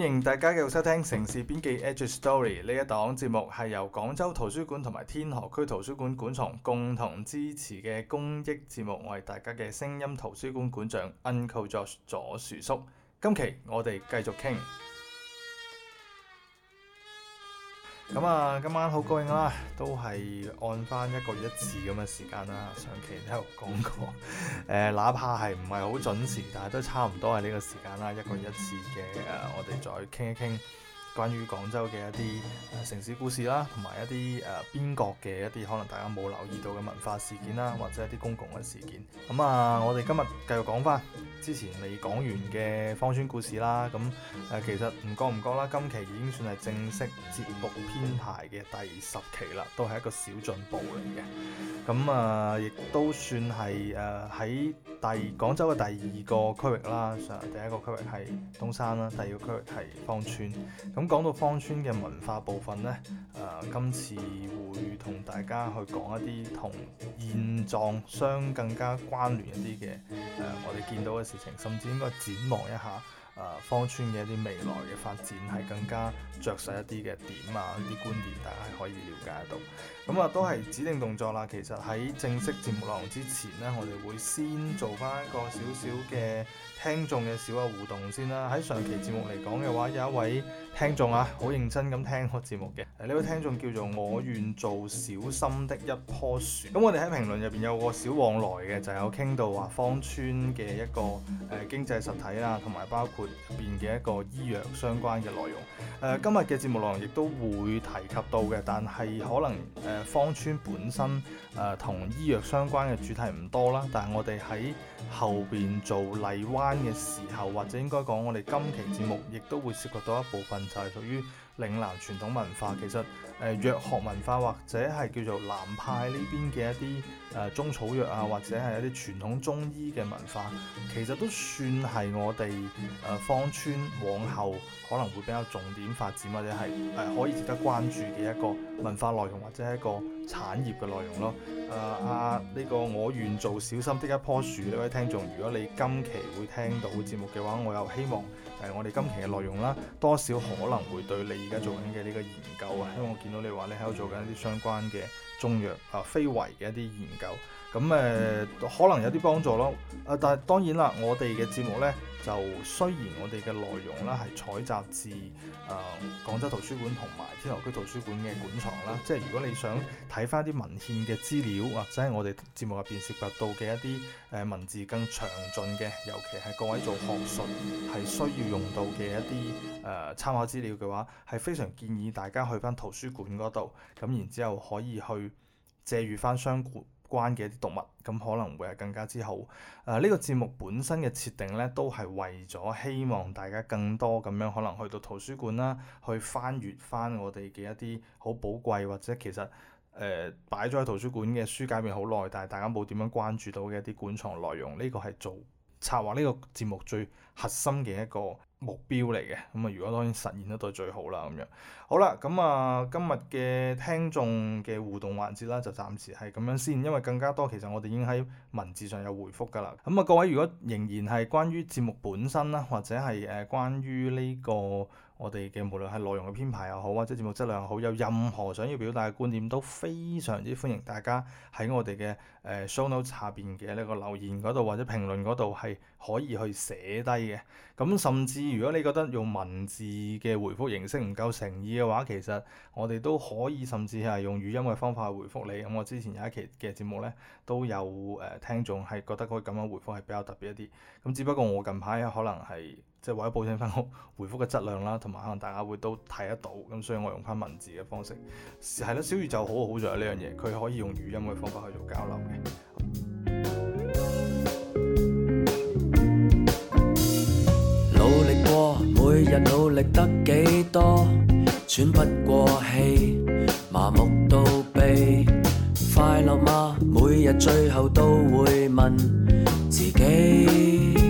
歡迎大家繼續收聽城事邊記 Edge Story，呢一檔節目，係由廣州圖書館同埋天河區圖書館館藏共同支持嘅公益節目。我係大家嘅聲音圖書館館長 Uncle Josh 左薯叔。今期我哋繼續傾。咁啊，今晚好高興啦，都係按翻一個月一次咁嘅時間啦，上期喺度講過，誒、呃，哪怕係唔係好準時，但係都差唔多係呢個時間啦，一個月一次嘅、啊，我哋再傾一傾。關於廣州嘅一啲城市故事啦，同埋一啲誒、呃、邊角嘅一啲可能大家冇留意到嘅文化事件啦，或者一啲公共嘅事件。咁啊，我哋今日繼續講翻之前未講完嘅芳村故事啦。咁誒、啊，其實唔覺唔覺啦，今期已經算係正式節目編排嘅第十期啦，都係一個小進步嚟嘅。咁啊，亦都算係誒喺第廣州嘅第二個區域啦。上嚟第一個區域係東山啦，第二個區域係芳村。咁講到芳村嘅文化部分呢，誒、呃，今次會同大家去講一啲同現狀相更加關聯一啲嘅，誒、呃，我哋見到嘅事情，甚至應該展望一下，誒、呃，芳村嘅一啲未來嘅發展，係更加着實一啲嘅點啊，一啲觀點，大家可以了解到。咁、嗯、啊，都係指定動作啦。其實喺正式節目內容之前呢，我哋會先做翻一個少少嘅。聽眾嘅小下互動先啦，喺上期節目嚟講嘅話，有一位聽眾啊，好認真咁聽我節目嘅，誒，呢位聽眾叫做我願做小心的一棵樹，咁我哋喺評論入邊有個小往來嘅，就是，有傾到話芳村嘅一個誒經濟實體啦，同埋包括入邊嘅一個醫藥相關嘅內容。誒、啊、今日嘅節目內容亦都會提及到嘅，但係可能誒芳、啊、村本身誒同、啊、醫藥相關嘅主題唔多啦。但係我哋喺後邊做荔灣嘅時候，或者應該講，我哋今期節目亦都會涉及到一部分，就係屬於嶺南傳統文化。其實誒、呃、藥學文化或者係叫做南派呢邊嘅一啲誒、呃、中草藥啊，或者係一啲傳統中醫嘅文化，其實都算係我哋誒芳村往後可能會比較重點發展或者係誒、呃、可以值得關注嘅一個文化內容或者係一個產業嘅內容咯，誒、呃、啊呢、這個我願做小心的一棵樹呢位聽眾，如果你今期會聽到節目嘅話，我又希望誒我哋今期嘅內容啦，多少可能會對你而家做緊嘅呢個研究啊，因為我見到你話你喺度做緊一啲相關嘅中藥啊非遺嘅一啲研究，咁誒，呃、可能有啲幫助咯。啊，但係當然啦，我哋嘅節目咧就，雖然我哋嘅內容啦係採集自誒廣州圖書館同埋天河區圖書館嘅館藏啦。即係如果你想睇翻啲文獻嘅資料，或者係我哋節目入邊涉及到嘅一啲誒、呃、文字更詳盡嘅，尤其係各位做學術係需要用到嘅一啲誒參考資料嘅話，係非常建議大家去翻圖書館嗰度咁，然之後可以去借閱翻相關。關嘅一啲讀物，咁可能會係更加之好。誒、呃、呢個節目本身嘅設定呢，都係為咗希望大家更多咁樣，可能去到圖書館啦，去翻閲返我哋嘅一啲好寶貴或者其實誒擺咗喺圖書館嘅書架入面好耐，但係大家冇點樣關注到嘅一啲館藏內容，呢個係做策劃呢個節目最核心嘅一個目標嚟嘅，咁啊如果當然實現得到最好啦，咁樣好啦，咁啊今日嘅聽眾嘅互動環節啦，就暫時係咁樣先，因為更加多其實我哋已經喺文字上有回覆㗎啦，咁啊各位如果仍然係關於節目本身啦，或者係誒關於呢個，我哋嘅無論係內容嘅編排又好或者係節目質量又好，有任何想要表達嘅觀點，都非常之歡迎大家喺我哋嘅誒 show notes 下邊嘅呢個留言嗰度或者評論嗰度係可以去寫低嘅。咁甚至如果你覺得用文字嘅回覆形式唔夠誠意嘅話，其實我哋都可以甚至係用語音嘅方法去回覆你。咁我之前有一期嘅節目咧，都有誒聽眾係覺得嗰個咁樣回覆係比較特別一啲。咁只不過我近排可能係即係為咗保證翻我回覆嘅質量啦，同埋可能大家會都睇得到，咁所以我用翻文字嘅方式，係啦，小宇宙好好有呢樣嘢，佢可以用語音嘅方法去做交流嘅。努力過，每日努力得幾多？喘不過氣，麻木到痹，快樂嗎？每日最後都會問自己。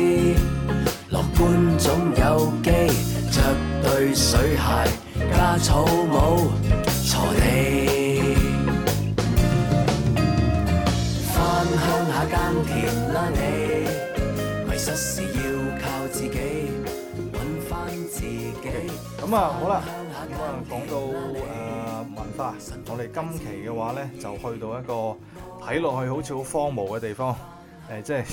搬種有機，着對水鞋加草帽，坐地吧。翻鄉下耕田啦，你迷失是要靠自己，揾翻自己。咁啊好啦，咁啊講到誒文化，我哋今期嘅話咧，就去到一個睇落去好似好荒蕪嘅地方，誒、呃、即係。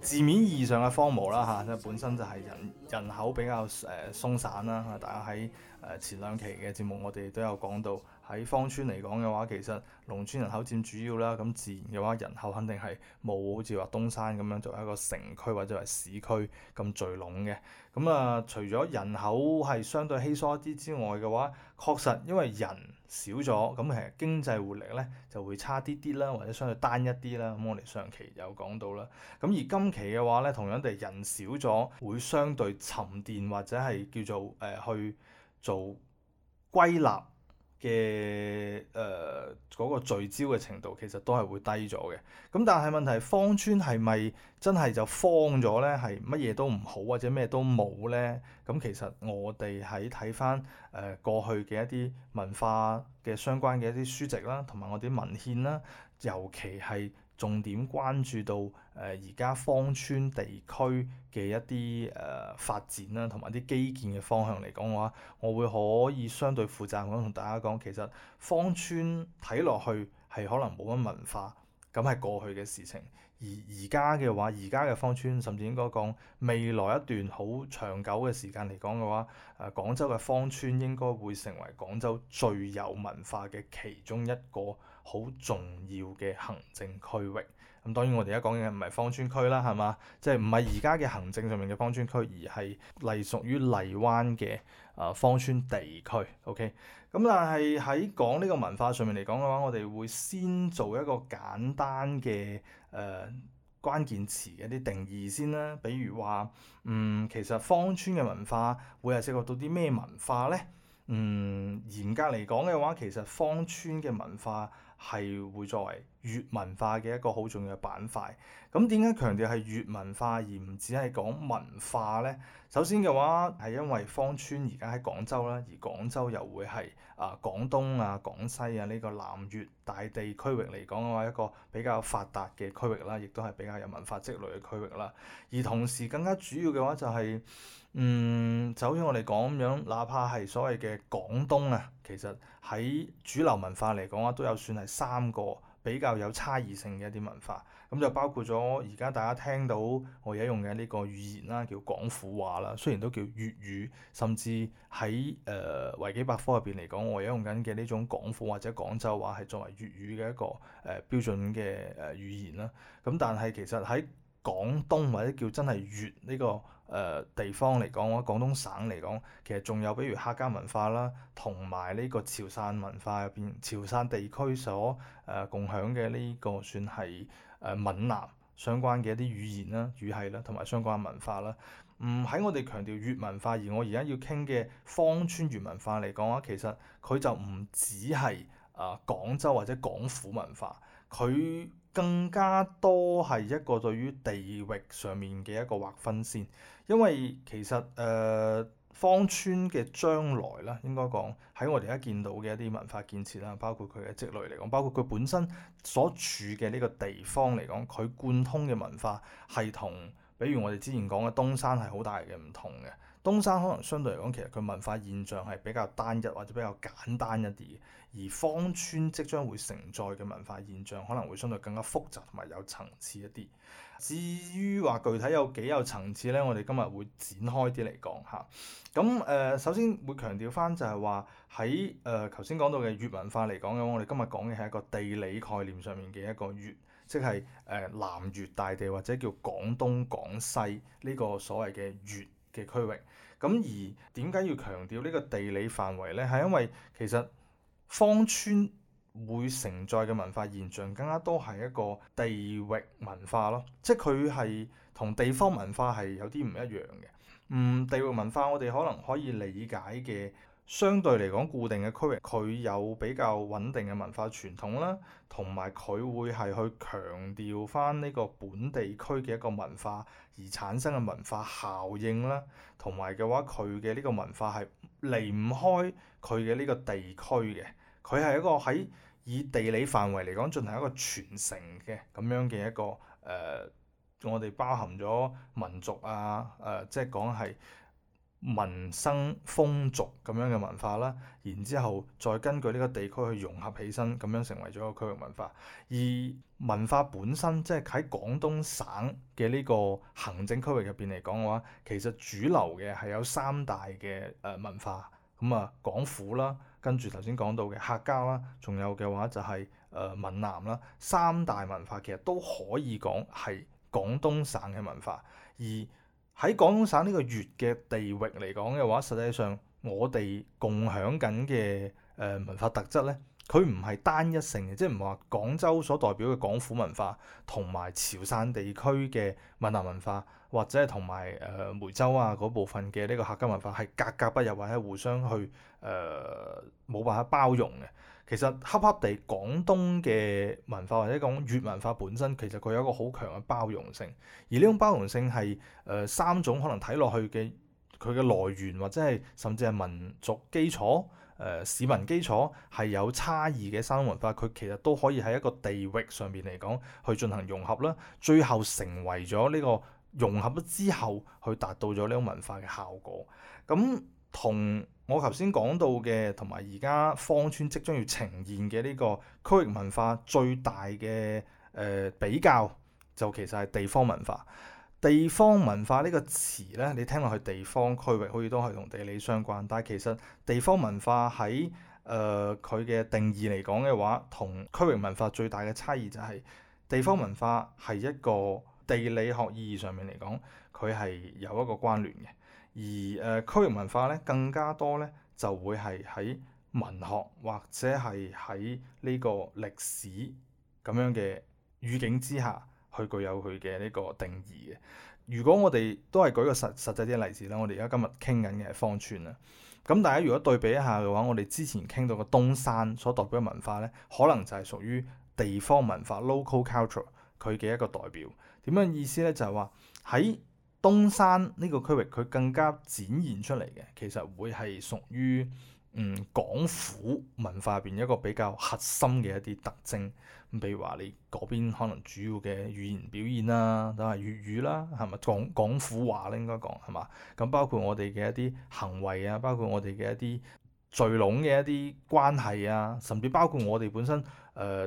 字面意義上嘅荒蕪啦嚇，即、啊、係本身就係人人口比較誒、呃、鬆散啦。大家喺誒、呃、前兩期嘅節目，我哋都有講到喺芳村嚟講嘅話，其實農村人口佔主要啦。咁自然嘅話人口肯定係冇好似話東山咁樣作為一個城區或者係市區咁聚攏嘅。咁啊、呃，除咗人口係相對稀疏一啲之外嘅話，確實因為人。少咗，咁其實經濟活力呢就會差啲啲啦，或者相對單一啲啦。咁我哋上期有講到啦，咁而今期嘅話呢，同樣地人少咗，會相對沉澱或者係叫做誒、呃、去做歸納。嘅誒嗰個聚焦嘅程度其實都係會低咗嘅，咁但係問題，芳村係咪真係就荒咗咧？係乜嘢都唔好或者咩都冇咧？咁其實我哋喺睇翻誒過去嘅一啲文化嘅相關嘅一啲書籍啦，同埋我哋啲文獻啦，尤其係。重點關注到誒而家芳村地區嘅一啲誒、呃、發展啦、啊，同埋啲基建嘅方向嚟講嘅話，我會可以相對負責任咁同大家講，其實芳村睇落去係可能冇乜文化，咁係過去嘅事情。而而家嘅話，而家嘅芳村甚至應該講未來一段好長久嘅時間嚟講嘅話，誒、呃、廣州嘅芳村應該會成為廣州最有文化嘅其中一個。好重要嘅行政區域，咁當然我哋而家講嘅唔係芳村區啦，係嘛？即係唔係而家嘅行政上面嘅芳村區，而係隸屬於荔灣嘅啊芳村地區。OK，咁但係喺講呢個文化上面嚟講嘅話，我哋會先做一個簡單嘅誒、呃、關鍵詞嘅一啲定義先啦。比如話，嗯，其實芳村嘅文化會係涉及到啲咩文化呢？嗯，嚴格嚟講嘅話，其實芳村嘅文化係會作為粵文化嘅一個好重要嘅板塊。咁點解強調係粵文化而唔只係講文化呢？首先嘅話係因為芳村而家喺廣州啦，而廣州又會係啊、呃、廣東啊廣西啊呢個南粵大地區域嚟講嘅話，一個比較發達嘅區域啦，亦都係比較有文化積累嘅區域啦。而同時更加主要嘅話就係……嗯，就好似我哋講，咁樣，哪怕係所謂嘅廣東啊，其實喺主流文化嚟講，啊，都有算係三個比較有差異性嘅一啲文化。咁就包括咗而家大家聽到我而家用嘅呢個語言啦，叫廣府話啦。雖然都叫粵語，甚至喺誒維基百科入邊嚟講，我而家用緊嘅呢種廣府或者廣州話，係作為粵語嘅一個誒、呃、標準嘅誒語言啦。咁但係其實喺廣東或者叫真係粵呢個。誒、呃、地方嚟講，我廣東省嚟講，其實仲有比如客家文化啦，同埋呢個潮汕文化入邊，潮汕地區所誒、呃、共享嘅呢個算係誒、呃、閩南相關嘅一啲語言啦、語系啦，同埋相關文化啦。唔喺我哋強調粵文化，而我而家要傾嘅芳村粵文化嚟講，啊，其實佢就唔只係啊、呃、廣州或者廣府文化，佢。更加多係一個對於地域上面嘅一個劃分線，因為其實誒、呃、芳村嘅將來咧，應該講喺我哋而家見到嘅一啲文化建設啦，包括佢嘅積累嚟講，包括佢本身所處嘅呢個地方嚟講，佢貫通嘅文化係同，比如我哋之前講嘅東山係好大嘅唔同嘅。東山可能相對嚟講，其實佢文化現象係比較單一或者比較簡單一啲。而芳村即將會承載嘅文化現象，可能會相對更加複雜同埋有層次一啲。至於話具體有幾有層次咧，我哋今日會展開啲嚟講吓，咁誒，首先會強調翻就係話喺誒頭先講到嘅粵文化嚟講嘅，我哋今日講嘅係一個地理概念上面嘅一個粵，即係誒、呃、南粵大地或者叫廣東廣西呢個所謂嘅粵嘅區域，咁而點解要強調呢個地理範圍咧？係因為其實芳村會承載嘅文化現象更加多係一個地域文化咯，即係佢係同地方文化係有啲唔一樣嘅。嗯，地域文化我哋可能可以理解嘅，相對嚟講，固定嘅區域，佢有比較穩定嘅文化傳統啦，同埋佢會係去強調翻呢個本地區嘅一個文化而產生嘅文化效應啦，同埋嘅話，佢嘅呢個文化係離唔開佢嘅呢個地區嘅，佢係一個喺以地理範圍嚟講進行一個傳承嘅咁樣嘅一個誒。呃我哋包含咗民族啊，誒、呃，即係講係民生風俗咁樣嘅文化啦。然之後再根據呢個地區去融合起身，咁樣成為咗一個區域文化。而文化本身即係喺廣東省嘅呢個行政區域入邊嚟講嘅話，其實主流嘅係有三大嘅誒文化，咁啊廣府啦，跟住頭先講到嘅客家啦，仲有嘅話就係誒閩南啦。三大文化其實都可以講係。廣東省嘅文化，而喺廣東省呢個粵嘅地域嚟講嘅話，實際上我哋共享緊嘅誒文化特質呢，佢唔係單一性嘅，即係唔係話廣州所代表嘅廣府文化，同埋潮汕地區嘅閩南文化，或者係同埋誒梅州啊嗰部分嘅呢個客家文化，係格格不入或者互相去誒冇、呃、辦法包容嘅。其實恰恰地，廣東嘅文化或者講粵文化本身，其實佢有一個好強嘅包容性。而呢種包容性係誒、呃、三種可能睇落去嘅佢嘅來源或者係甚至係民族基礎誒、呃、市民基礎係有差異嘅三種文化，佢其實都可以喺一個地域上面嚟講去進行融合啦。最後成為咗呢個融合咗之後，去達到咗呢種文化嘅效果。咁同我頭先講到嘅，同埋而家芳村即將要呈現嘅呢個區域文化最大嘅誒、呃、比較，就其實係地方文化。地方文化呢個詞呢，你聽落去地方區域好似都係同地理相關，但係其實地方文化喺誒佢嘅定義嚟講嘅話，同區域文化最大嘅差異就係、是、地方文化係一個地理學意義上面嚟講，佢係有一個關聯嘅。而誒、呃、區域文化咧，更加多咧，就會係喺文學或者係喺呢個歷史咁樣嘅語境之下去具有佢嘅呢個定義嘅。如果我哋都係舉個實實際啲嘅例子啦，我哋而家今日傾緊嘅係芳村啦。咁大家如果對比一下嘅話，我哋之前傾到嘅東山所代表嘅文化咧，可能就係屬於地方文化 （local culture） 佢嘅一個代表。點樣意思咧？就係話喺東山呢個區域，佢更加展現出嚟嘅，其實會係屬於嗯，廣府文化入邊一個比較核心嘅一啲特徵。咁譬如話，你嗰邊可能主要嘅語言表現啦，都係粵語啦，係咪廣廣府話咧？應該講係嘛？咁包括我哋嘅一啲行為啊，包括我哋嘅一啲聚攏嘅一啲關係啊，甚至包括我哋本身誒、呃、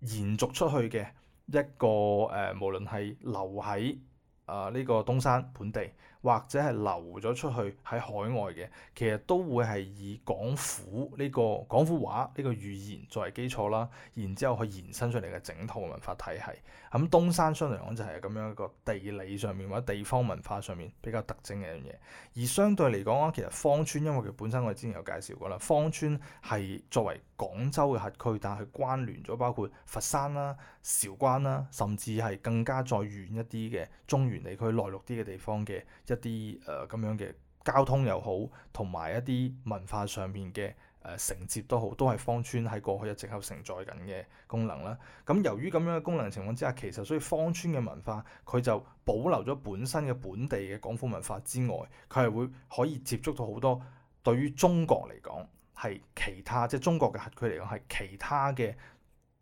延續出去嘅一個誒、呃，無論係留喺啊！呢個東山本地。或者係流咗出去喺海外嘅，其實都會係以廣府呢個廣府話呢個語言作為基礎啦，然之後去延伸出嚟嘅整套文化體系。咁東山相對嚟講就係咁樣一個地理上面或者地方文化上面比較特徵嘅一樣嘢。而相對嚟講啊，其實芳村因為佢本身我哋之前有介紹過啦，芳村係作為廣州嘅核區，但係佢關聯咗包括佛山啦、韶關啦，甚至係更加再遠一啲嘅中原地區內陸啲嘅地方嘅一啲誒咁樣嘅交通又好，同埋一啲文化上面嘅誒承接都好，都係芳村喺過去一直有承載緊嘅功能啦。咁、嗯、由於咁樣嘅功能情況之下，其實所以芳村嘅文化佢就保留咗本身嘅本地嘅廣府文化之外，佢係會可以接觸到好多對於中國嚟講係其他，即係中國嘅核區嚟講係其他嘅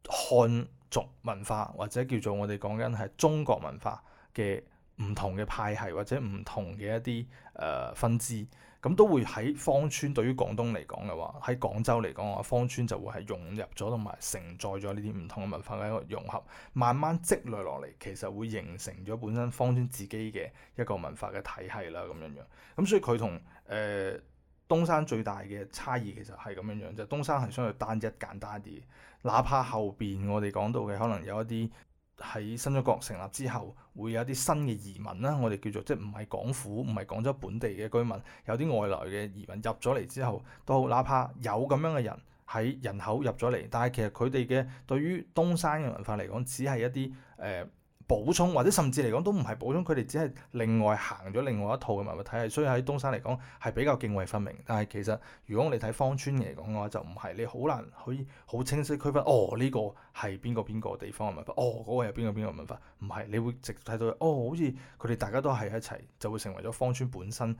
漢族文化，或者叫做我哋講緊係中國文化嘅。唔同嘅派系或者唔同嘅一啲誒、呃、分支，咁都會喺芳村對於廣東嚟講嘅話，喺廣州嚟講啊，芳村就會係融入咗同埋承載咗呢啲唔同嘅文化嘅一個融合，慢慢積累落嚟，其實會形成咗本身芳村自己嘅一個文化嘅體系啦，咁樣樣。咁所以佢同誒東山最大嘅差異其實係咁樣樣，就係、東山係相對單一簡單啲，哪怕後邊我哋講到嘅可能有一啲。喺新中國成立之後，會有一啲新嘅移民啦，我哋叫做即係唔係廣府、唔係廣州本地嘅居民，有啲外來嘅移民入咗嚟之後，都哪怕有咁樣嘅人喺人口入咗嚟，但係其實佢哋嘅對於東山嘅文化嚟講，只係一啲誒、呃補充，或者甚至嚟講都唔係補充，佢哋只係另外行咗另外一套嘅文物體系，所以喺東山嚟講係比較涇渭分明。但係其實如果我哋睇芳村嚟講嘅話，就唔係，你好難可以好清晰區分。哦，呢個係邊個邊個地方嘅文化，哦嗰個係邊個邊個文化，唔係，你會直睇到哦，好似佢哋大家都係一齊，就會成為咗芳村本身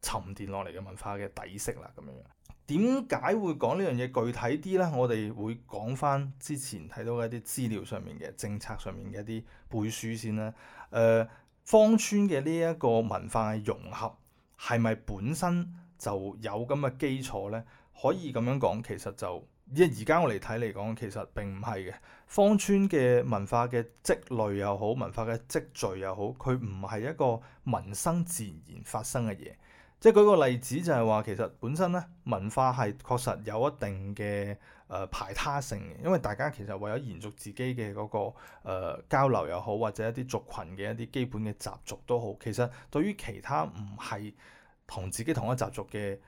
沉澱落嚟嘅文化嘅底色啦，咁樣樣。點解會講呢樣嘢具體啲呢？我哋會講翻之前睇到嘅一啲資料上面嘅政策上面嘅一啲背書先啦。誒、呃，芳村嘅呢一個文化嘅融合係咪本身就有咁嘅基礎呢？可以咁樣講，其實就而而家我嚟睇嚟講，其實並唔係嘅。芳村嘅文化嘅積累又好，文化嘅積聚又好，佢唔係一個民生自然發生嘅嘢。即係舉個例子就，就係話其實本身咧文化係確實有一定嘅誒、呃、排他性嘅，因為大家其實為咗延續自己嘅嗰、那個誒、呃、交流又好，或者一啲族群嘅一啲基本嘅習俗都好，其實對於其他唔係同自己同一習俗嘅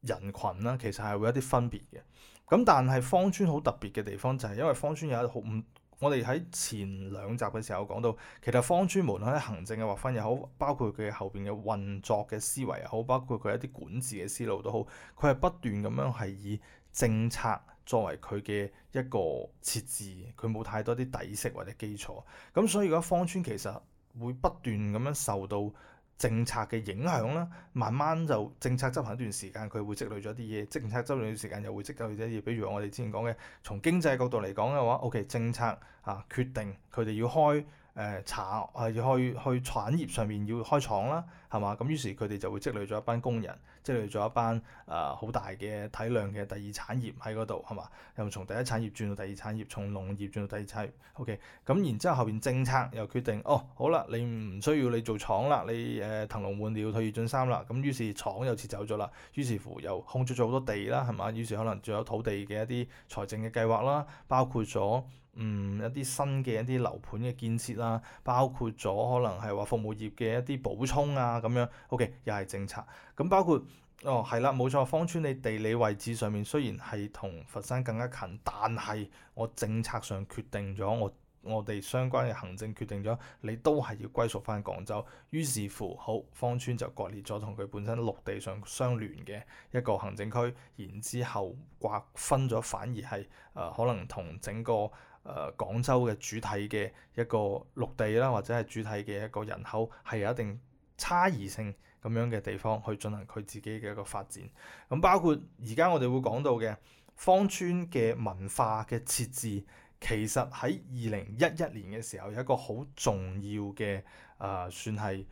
人群啦，其實係會有啲分別嘅。咁但係芳村好特別嘅地方就係因為芳村有好唔。我哋喺前兩集嘅時候講到，其實芳村無論喺行政嘅劃分又好，包括佢後邊嘅運作嘅思維又好，包括佢一啲管治嘅思路都好，佢係不斷咁樣係以政策作為佢嘅一個設置，佢冇太多啲底色或者基礎，咁所以而家芳村其實會不斷咁樣受到。政策嘅影響啦，慢慢就政策執行一段時間，佢會積累咗啲嘢；政策執行一段時間又會積累咗啲嘢。比如我哋之前講嘅，從經濟角度嚟講嘅話，OK，政策啊決定佢哋要開。誒產係要開去產業上面要開廠啦，係嘛？咁於是佢哋就會積累咗一班工人，積累咗一班誒好、呃、大嘅體量嘅第二產業喺嗰度，係嘛？又從第一產業轉到第二產業，從農業轉到第二產業。O.K. 咁然之後後邊政策又決定，哦好啦，你唔需要你做廠啦，你誒騰、呃、籠換鳥退二進三啦。咁於是廠又撤走咗啦，於是乎又控制咗好多地啦，係嘛？於是可能仲有土地嘅一啲財政嘅計劃啦，包括咗。嗯，一啲新嘅一啲樓盤嘅建設啦，包括咗可能係話服務業嘅一啲補充啊咁樣。O.K. 又係政策，咁、嗯、包括哦係啦，冇錯，芳村你地理位置上面雖然係同佛山更加近，但係我政策上決定咗，我我哋相關嘅行政決定咗，你都係要歸屬翻廣州。於是乎，好芳村就割裂咗同佢本身陸地上相連嘅一個行政區，然之後劃分咗，反而係誒、呃、可能同整個。誒、呃、廣州嘅主體嘅一個陸地啦，或者係主體嘅一個人口係有一定差異性咁樣嘅地方去進行佢自己嘅一個發展。咁包括而家我哋會講到嘅芳村嘅文化嘅設置，其實喺二零一一年嘅時候有一個好重要嘅誒、呃，算係。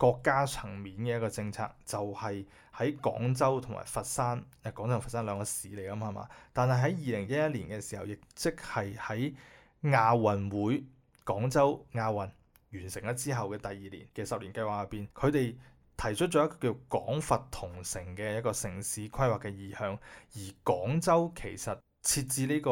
國家層面嘅一個政策就係喺廣州同埋佛山，誒、廣州同佛山兩個市嚟㗎嘛，係咪？但係喺二零一一年嘅時候，亦即係喺亞運會廣州亞運完成咗之後嘅第二年嘅十年計劃入邊，佢哋提出咗一個叫廣佛同城嘅一個城市規劃嘅意向，而廣州其實設置呢個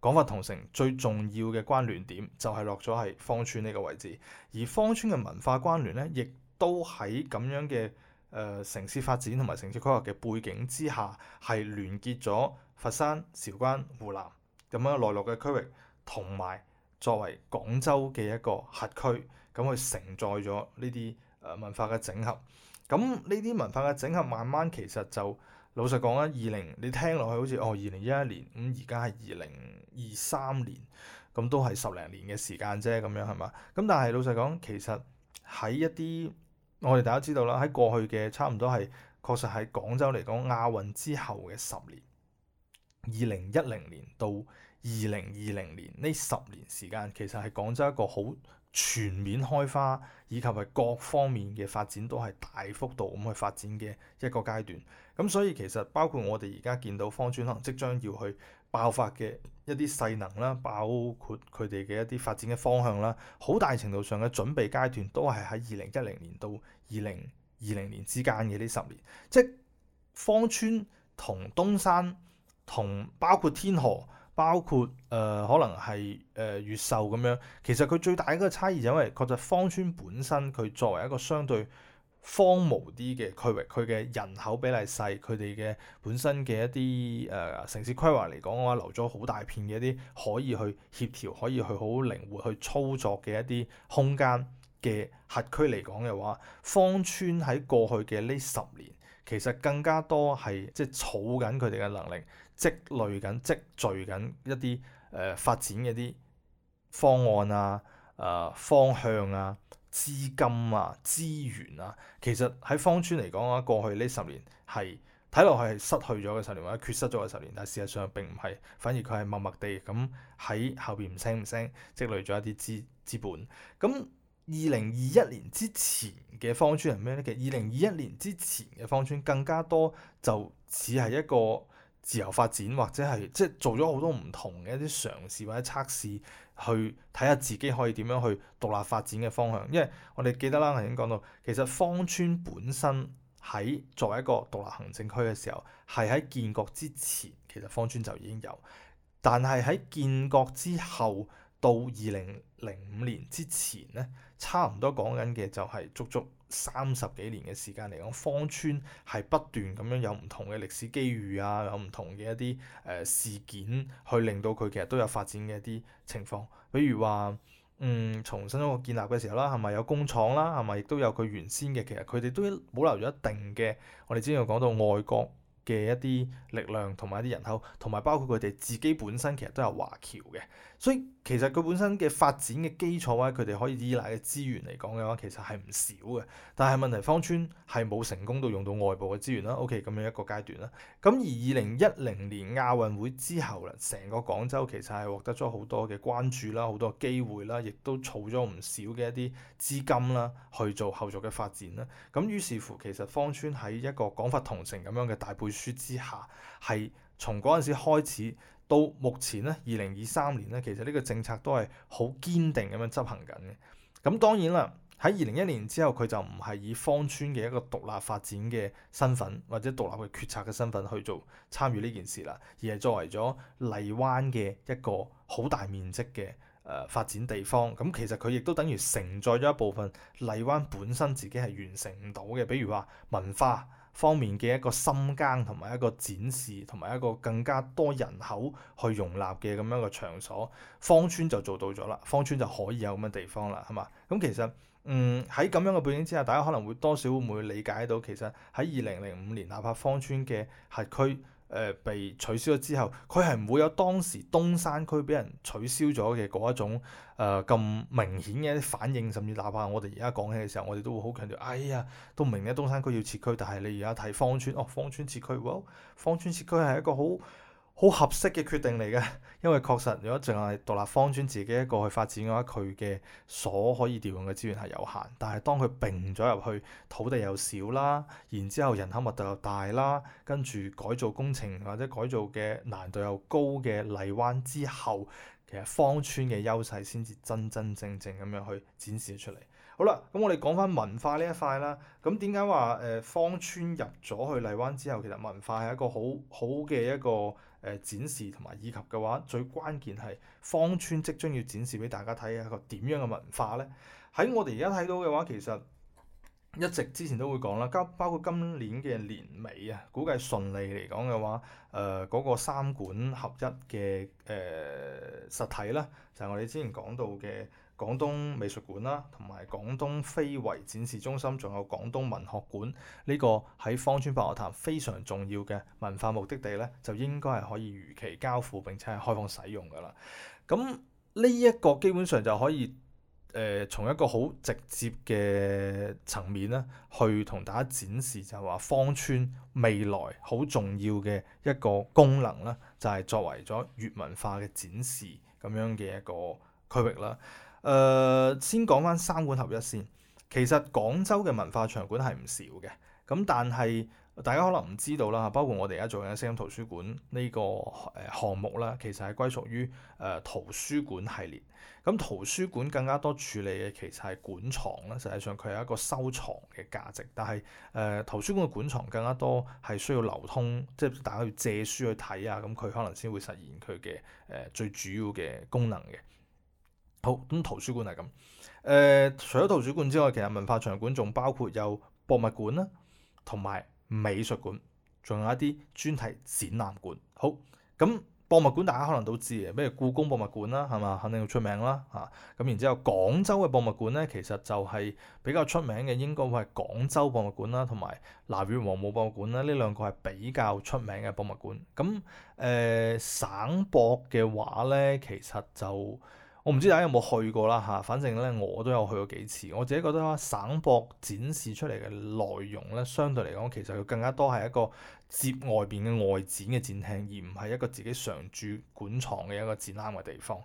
廣佛同城最重要嘅關聯點就係落咗喺芳村呢個位置，而芳村嘅文化關聯呢，亦都喺咁樣嘅誒、呃、城市發展同埋城市規劃嘅背景之下，係聯結咗佛山、韶關、湖南咁樣內陸嘅區域，同埋作為廣州嘅一個核區，咁去承載咗呢啲誒文化嘅整合。咁呢啲文化嘅整合，慢慢其實就老實講啊，二零你聽落去好似哦，二零一一年咁，而家係二零二三年，咁都係十零年嘅時間啫，咁樣係嘛？咁但係老實講，其實喺一啲我哋大家知道啦，喺過去嘅差唔多係確實喺廣州嚟講亞運之後嘅十年，二零一零年到二零二零年呢十年時間，其實係廣州一個好全面開花以及係各方面嘅發展都係大幅度咁去發展嘅一個階段。咁所以其實包括我哋而家見到芳村可能即將要去。爆發嘅一啲勢能啦，包括佢哋嘅一啲發展嘅方向啦，好大程度上嘅準備階段都係喺二零一零年到二零二零年之間嘅呢十年，即係芳村同東山同包括天河，包括誒、呃、可能係誒越秀咁樣。其實佢最大嘅一個差異就因為確實芳村本身佢作為一個相對。荒蕪啲嘅區域，佢嘅人口比例細，佢哋嘅本身嘅一啲誒城市規劃嚟講嘅話，留咗好大片嘅一啲可以去協調、可以去好靈活去操作嘅一啲空間嘅轄區嚟講嘅話，芳村喺過去嘅呢十年其實更加多係即係儲緊佢哋嘅能力，積累緊、積聚緊一啲誒發展嘅啲方案啊、誒方向啊。資金啊，資源啊，其實喺芳村嚟講啊，過去呢十年係睇落去係失去咗嘅十年，或者缺失咗嘅十年，但事實上並唔係，反而佢係默默地咁喺後邊唔聲唔聲積累咗一啲資資本。咁二零二一年之前嘅芳村係咩呢？其實二零二一年之前嘅芳村更加多就似係一個。自由發展或者係即係做咗好多唔同嘅一啲嘗試或者測試，去睇下自己可以點樣去獨立發展嘅方向。因為我哋記得啦，頭先講到，其實芳村本身喺作為一個獨立行政區嘅時候，係喺建國之前，其實芳村就已經有。但係喺建國之後到二零零五年之前呢，差唔多講緊嘅就係足足。三十幾年嘅時間嚟講，芳村係不斷咁樣有唔同嘅歷史機遇啊，有唔同嘅一啲誒、呃、事件去令到佢其實都有發展嘅一啲情況，比如話，嗯，重新一個建立嘅時候是是啦，係咪有工廠啦，係咪亦都有佢原先嘅，其實佢哋都保留咗一定嘅，我哋之前有講到外國。嘅一啲力量同埋一啲人口，同埋包括佢哋自己本身其實都有華僑嘅，所以其實佢本身嘅發展嘅基礎或者佢哋可以依賴嘅資源嚟講嘅話其實係唔少嘅。但係問題芳村係冇成功到用到外部嘅資源啦。OK，咁樣一個階段啦。咁而二零一零年亞運會之後啦，成個廣州其實係獲得咗好多嘅關注啦，好多機會啦，亦都儲咗唔少嘅一啲資金啦，去做後續嘅發展啦。咁於是乎，其實芳村喺一個廣佛同城咁樣嘅大背。書之下，係從嗰陣時開始到目前咧，二零二三年咧，其實呢個政策都係好堅定咁樣執行緊嘅。咁當然啦，喺二零一年之後，佢就唔係以芳村嘅一個獨立發展嘅身份或者獨立嘅決策嘅身份去做參與呢件事啦，而係作為咗荔灣嘅一個好大面積嘅誒發展地方。咁其實佢亦都等於承載咗一部分荔灣本身自己係完成唔到嘅，比如話文化。方面嘅一個深耕同埋一個展示同埋一個更加多人口去容納嘅咁樣嘅場所，芳村就做到咗啦，芳村就可以有咁嘅地方啦，係嘛？咁、嗯、其實，嗯喺咁樣嘅背景之下，大家可能會多少會唔會理解到，其實喺二零零五年，哪怕芳村嘅核區。誒被取消咗之後，佢係唔會有當時東山區俾人取消咗嘅嗰一種誒咁、呃、明顯嘅啲反應，甚至哪怕我哋而家講起嘅時候，我哋都會好強調，哎呀都唔明點解東山區要撤區，但係你而家睇芳村哦，芳村撤區喎，芳村撤區係一個好。好合適嘅決定嚟嘅，因為確實如果淨係獨立芳村自己一個去發展嘅話，佢嘅所可以調用嘅資源係有限。但係當佢並咗入去，土地又少啦，然之後人口密度又大啦，跟住改造工程或者改造嘅難度又高嘅荔灣之後，其實芳村嘅優勢先至真真正正咁樣去展示出嚟。好啦，咁我哋講翻文化呢一塊啦。咁點解話誒芳村入咗去荔灣之後，其實文化係一個好好嘅一個。誒、呃、展示同埋以及嘅話，最關鍵係芳村即將要展示俾大家睇一個點樣嘅文化咧。喺我哋而家睇到嘅話，其實一直之前都會講啦，包包括今年嘅年尾啊，估計順利嚟講嘅話，誒、呃、嗰、那個三館合一嘅誒、呃、實體啦，就係、是、我哋之前講到嘅。廣東美術館啦，同埋廣東非遺展示中心，仲有廣東文學館呢、這個喺芳村白鵝潭非常重要嘅文化目的地呢，就應該係可以如期交付並且係開放使用噶啦。咁呢一個基本上就可以誒從、呃、一個好直接嘅層面咧，去同大家展示就係話芳村未來好重要嘅一個功能啦，就係、是、作為咗粵文化嘅展示咁樣嘅一個區域啦。誒先講翻三館合一先。其實廣州嘅文化場館係唔少嘅，咁但係大家可能唔知道啦。包括我哋而家做緊聲音圖書館呢個誒項目啦，其實係歸屬於誒圖書館系列。咁圖書館更加多處理嘅其實係館藏啦，實際上佢係一個收藏嘅價值。但係誒圖書館嘅館藏更加多係需要流通，即係大家要借書去睇啊，咁佢可能先會實現佢嘅誒最主要嘅功能嘅。好咁，圖書館係咁誒。除咗圖書館之外，其實文化場館仲包括有博物館啦，同埋美術館，仲有一啲專題展覽館。好咁，博物館大家可能都知，比如故宮博物館啦，係嘛，肯定要出名啦嚇。咁、啊、然之後，廣州嘅博物館呢，其實就係比較出名嘅，應該會係廣州博物館啦，同埋南越王墓博物館啦，呢兩個係比較出名嘅博物館。咁誒、呃，省博嘅話呢，其實就～我唔知大家有冇去過啦嚇，反正咧我都有去過幾次。我自己覺得、啊、省博展示出嚟嘅內容咧，相對嚟講其實佢更加多係一個接外邊嘅外展嘅展廳，而唔係一個自己常駐館藏嘅一個展覽嘅地方。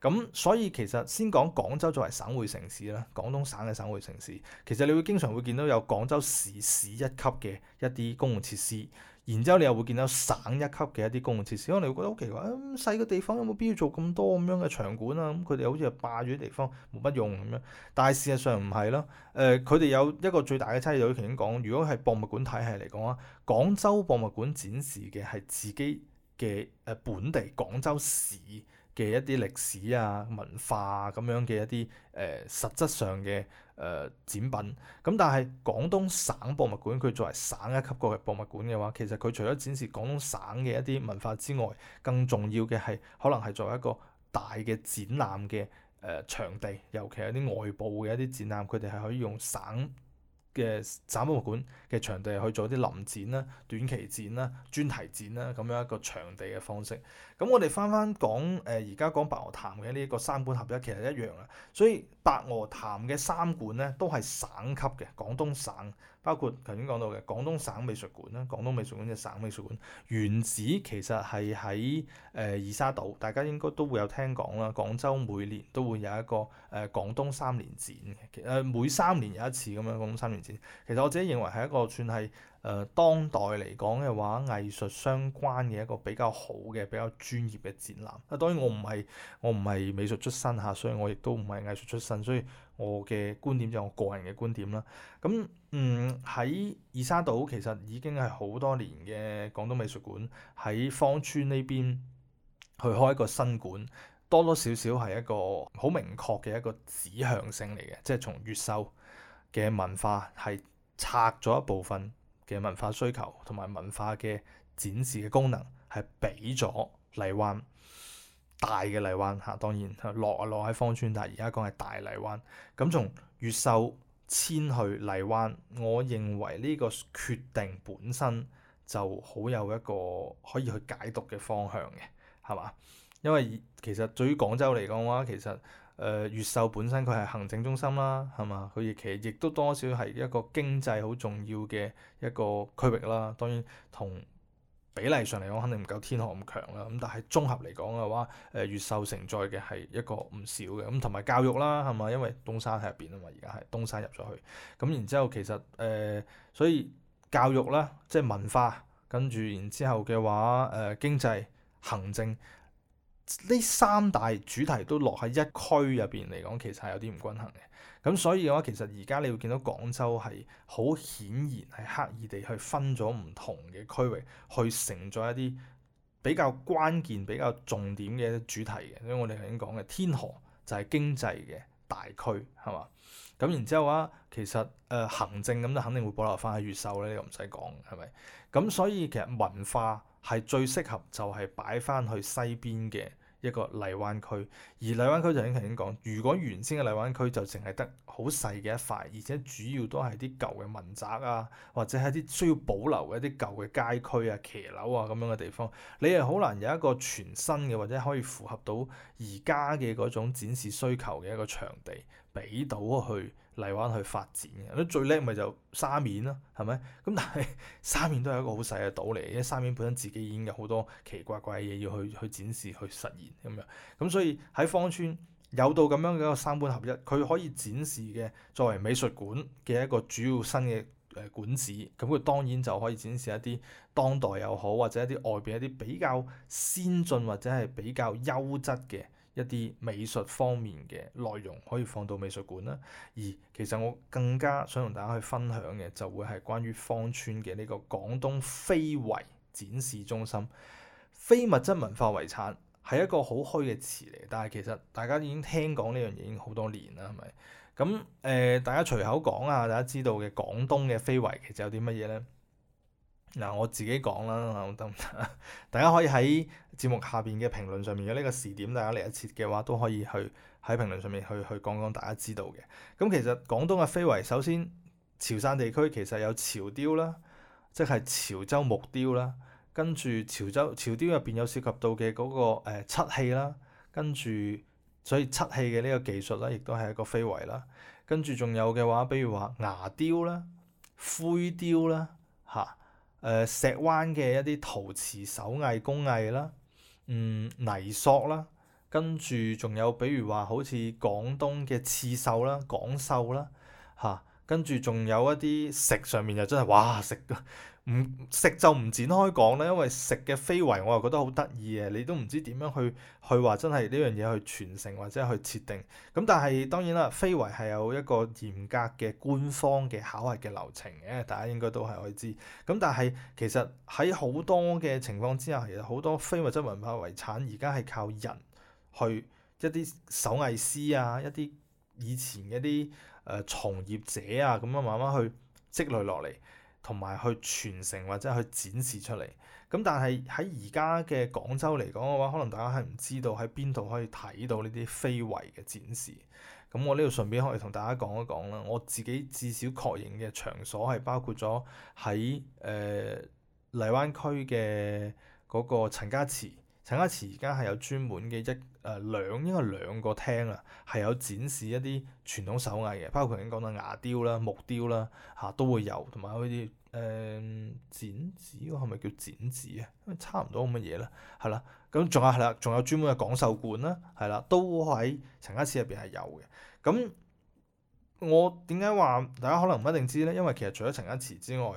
咁所以其實先講廣州作為省會城市咧，廣東省嘅省會城市，其實你會經常會見到有廣州市市一級嘅一啲公共設施。然之後你又會見到省一級嘅一啲公共設施，可能你會覺得好奇怪，咁細嘅地方有冇必要做咁多咁樣嘅場館啊？咁佢哋好似霸住啲地方，冇乜用咁樣。但係事實上唔係咯，誒佢哋有一個最大嘅差異，就啱啱講，如果係博物館體系嚟講啊，廣州博物館展示嘅係自己嘅誒本地廣州市嘅一啲歷史啊、文化啊咁樣嘅一啲誒、呃、實質上嘅。誒、呃、展品咁，但係廣東省博物館佢作為省一級嘅博物館嘅話，其實佢除咗展示廣東省嘅一啲文化之外，更重要嘅係可能係作為一個大嘅展覽嘅誒、呃、場地，尤其係啲外部嘅一啲展覽，佢哋係可以用省嘅省博物館嘅場地去做啲臨展啦、啊、短期展啦、啊、專題展啦、啊、咁樣一個場地嘅方式。咁、嗯、我哋翻翻講誒，而家講白鵝潭嘅呢一個三館合一，其實一樣啦。所以白鵝潭嘅三館咧都係省級嘅，廣東省包括頭先講到嘅廣東省美術館啦，廣東美術館即係省美術館。原址其實係喺誒二沙島，大家應該都會有聽講啦。廣州每年都會有一個誒、呃、廣東三年展嘅，誒每三年有一次咁樣廣東三年展。其實我自己認為係一個算係。誒、呃，當代嚟講嘅話，藝術相關嘅一個比較好嘅、比較專業嘅展覽。啊，當然我唔係我唔係美術出身嚇，所以我亦都唔係藝術出身，所以我嘅觀點就係我個人嘅觀點啦。咁嗯，喺二沙島其實已經係好多年嘅廣東美術館喺芳村呢邊去開一個新館，多多少少係一個好明確嘅一個指向性嚟嘅，即係從越秀嘅文化係拆咗一部分。嘅文化需求同埋文化嘅展示嘅功能係俾咗荔灣大嘅荔灣吓，啊。當然落啊落喺芳村，但係而家講係大荔灣，咁。從越秀遷去荔灣，我認為呢個決定本身就好有一個可以去解讀嘅方向嘅，係嘛？因為其實對於廣州嚟講嘅話，其實。誒，呃、越秀本身佢係行政中心啦，係嘛？佢亦其實亦都多少係一個經濟好重要嘅一個區域啦。當然同比例上嚟講，肯定唔夠天河咁強啦。咁但係綜合嚟講嘅話，誒、呃，越秀承載嘅係一個唔少嘅。咁同埋教育啦，係嘛？因為東山喺入邊啊嘛，而家係東山入咗去。咁然之後其實誒、呃，所以教育啦，即係文化，跟住然之後嘅話，誒、呃，經濟、行政。呢三大主題都落喺一區入邊嚟講，其實係有啲唔均衡嘅。咁所以嘅話，其實而家你會見到廣州係好顯然係刻意地去分咗唔同嘅區域去承載一啲比較關鍵、比較重點嘅主題嘅。因為我哋頭先講嘅天河就係經濟嘅大區，係嘛？咁然之後嘅話，其實誒、呃、行政咁就肯定會保留翻喺越秀咧，呢、這個唔使講，係咪？咁所以其實文化係最適合就係擺翻去西邊嘅。一個荔灣區，而荔灣區就應該頭先講，如果原先嘅荔灣區就淨係得好細嘅一塊，而且主要都係啲舊嘅民宅啊，或者係啲需要保留嘅一啲舊嘅街區啊、騎樓啊咁樣嘅地方，你係好難有一個全新嘅，或者可以符合到而家嘅嗰種展示需求嘅一個場地俾到去。荔灣去發展嘅，最叻咪就沙面咯，係咪？咁但係沙面都係一個好細嘅島嚟，因為沙面本身自己已經有好多奇奇怪怪嘅嘢要去去展示、去實現咁樣。咁、嗯、所以喺芳村有到咁樣嘅一個三館合一，佢可以展示嘅作為美術館嘅一個主要新嘅誒館址，咁、嗯、佢當然就可以展示一啲當代又好，或者一啲外邊一啲比較先進或者係比較優質嘅。一啲美術方面嘅內容可以放到美術館啦，而其實我更加想同大家去分享嘅就會係關於芳村嘅呢個廣東非遺展示中心。非物質文化遺產係一個好虛嘅詞嚟，但係其實大家已經聽講呢樣嘢已經好多年啦，係咪？咁誒、呃，大家隨口講啊，大家知道嘅廣東嘅非遺其實有啲乜嘢呢？嗱、啊，我自己講啦，得唔得？大家可以喺節目下邊嘅評論上面嘅呢個時點，大家嚟一次嘅話，都可以去喺評論上面去去講講，大家知道嘅。咁、嗯、其實廣東嘅非遺首先潮汕地區其實有潮雕啦，即係潮州木雕啦，跟住潮州潮雕入邊有涉及到嘅嗰、那個誒漆器啦，跟住所以漆器嘅呢個技術啦，亦都係一個非遺啦。跟住仲有嘅話，比如話牙雕啦、灰雕啦，嚇。誒、呃、石灣嘅一啲陶瓷手藝工藝啦，嗯泥塑啦，跟住仲有比如話好似廣東嘅刺繡啦、廣繡啦，嚇、啊，跟住仲有一啲石上面就真係哇石嘅。食唔食就唔展開講啦，因為食嘅非遺我又覺得好得意嘅，你都唔知點樣去去話真係呢樣嘢去傳承或者去設定。咁但係當然啦，非遺係有一個嚴格嘅官方嘅考核嘅流程嘅，大家應該都係可以知。咁但係其實喺好多嘅情況之下，其實好多非物質文化遺產而家係靠人去一啲手藝師啊，一啲以前一啲誒從業者啊，咁樣慢慢去積累落嚟。同埋去傳承或者去展示出嚟，咁但係喺而家嘅廣州嚟講嘅話，可能大家係唔知道喺邊度可以睇到呢啲非遺嘅展示。咁我呢度順便可以同大家講一講啦，我自己至少確認嘅場所係包括咗喺誒荔灣區嘅嗰個陳家祠。陳家祠而家係有專門嘅一誒兩應該兩個廳啦，係有展示一啲傳統手藝嘅，包括你講到牙雕啦、木雕啦，嚇都會有，同埋好似誒剪紙嗰個係咪叫剪紙啊？差唔多咁嘅嘢啦，係啦。咁仲有係啦，仲有專門嘅廣繡館啦，係啦，都喺陳家祠入邊係有嘅。咁我點解話大家可能唔一定知咧？因為其實除咗陳家祠之外。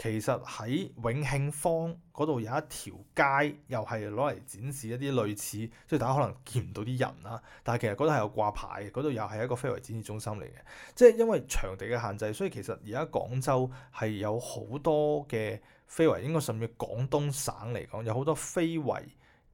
其實喺永慶坊嗰度有一條街，又係攞嚟展示一啲類似，即係大家可能見唔到啲人啦，但係其實嗰度係有掛牌嘅，嗰度又係一個非遺展示中心嚟嘅。即係因為場地嘅限制，所以其實而家廣州係有好多嘅非遺，應該甚至廣東省嚟講有好多非遺